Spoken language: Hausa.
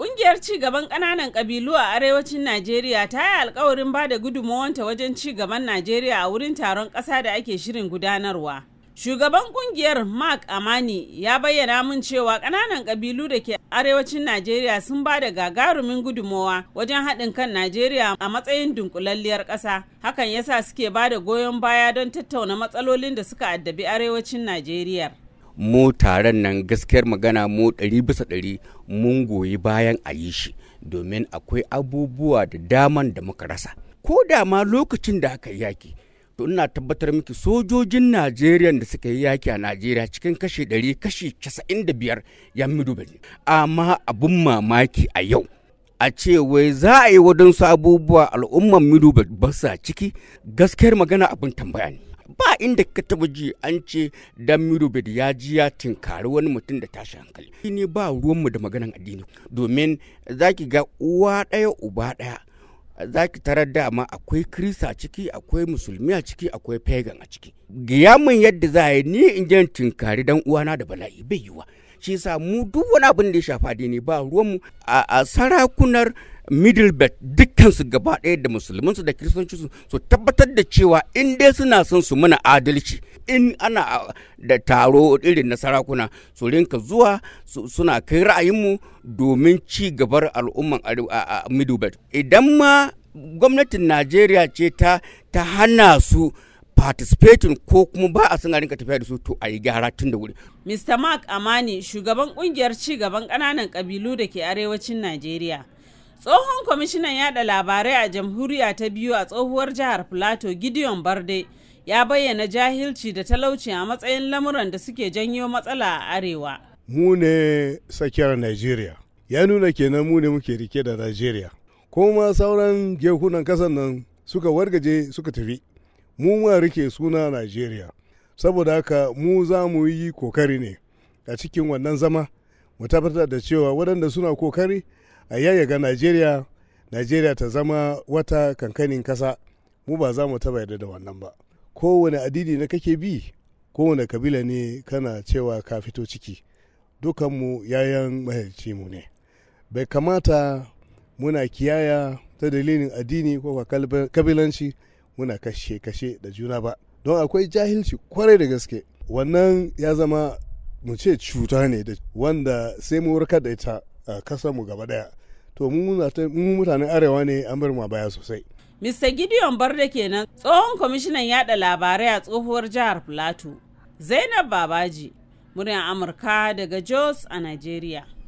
Ƙungiyar ci gaban ƙananan ƙabilu a arewacin Najeriya ta yi alkawarin ba da gudunmawanta wajen ci gaban Najeriya a wurin taron ƙasa da ake shirin gudanarwa. Shugaban ƙungiyar Mark Amani ya bayyana mun cewa ƙananan ƙabilu da ke arewacin Najeriya sun ba da gagarumin gudumawa wajen haɗin kan Najeriya a matsayin dunkulalliyar ƙasa. Hakan yasa suke ba da goyon baya don tattauna matsalolin da suka addabi arewacin Najeriya. mu taron nan gaskiyar magana mu ɗari bisa ɗari mun goyi bayan a yi shi domin akwai abubuwa da daman da muka rasa ko da ma lokacin da aka yi yaki to ina tabbatar miki sojojin najeriya da suka yi yaki a najeriya cikin kashi ɗari kashi casa'in da biyar ya miduba ne amma abin mamaki a yau a ce wai za a yi waɗansu abubuwa al'ummar miduba ba sa ciki gaskiyar magana abin tambaya ne ba inda ka taba ji an ce dan mirubid ya ji ya tinkari wani mutum da tashi hankali ne ba ruwanmu da maganan addini domin zaki ga uwa ɗaya uba ɗaya za ki tarar dama akwai kirista a ciki akwai musulmi a ciki akwai pagan a ciki giyamin yadda za a yi ni in je tinkari dan uwana da bala'i bai yiwa shi sa mu duk wani abin da ya shafa addini ba ruwan ruwanmu a sarakunar middle belt dukkansu gaba ɗaya da musulmansu da kiristanci su tabbatar da cewa in dai suna son su muna adalci in ana da taro irin na sarakuna su rinka zuwa suna kai ra'ayin mu domin ci gabar al'umman a middle belt idan ma gwamnatin najeriya ce ta hana su participating ko kuma ba a son a rinka tafiya da su to a yi gyara tun da wuri. Mr. Mark Amani shugaban kungiyar ci gaban ƙananan kabilu da ke arewacin Najeriya. Tsohon kwamishinan yada labarai a jamhuriya ta biyu a tsohuwar jihar Plateau Gideon Barde ya bayyana jahilci da talauci a matsayin lamuran da suke janyo matsala a arewa. Mu ne tsakiyar Najeriya. Ya nuna kenan mu ne muke rike da Najeriya. Kuma sauran gehunan kasan nan suka wargaje suka tafi mu ma rike suna najeriya saboda haka mu za mu yi kokari ne a cikin wannan zama mu tabbatar da cewa waɗanda suna kokari a yayaga najeriya najeriya ta zama wata kankanin kasa mu ba za mu taba yarda da wannan ba kowane addini na kake bi kowane kabila ne kana cewa ka fito ciki dukanmu yayan mahalci mu ne bai kamata muna kiyaya ta dalilin addini ko kabilanci muna kashe-kashe da juna ba don akwai jahilci kwarai da gaske wannan ya zama mu ce cuta ne da wanda sai mu warkar da ita a kasar mu gaba daya to mu mutanen arewa ne an bar mu baya sosai Mr. Gideon barda kenan tsohon kwamishinan yada labarai a tsohuwar jihar Plateau. Zainab Babaji, muryar Amurka daga Jos a nigeria.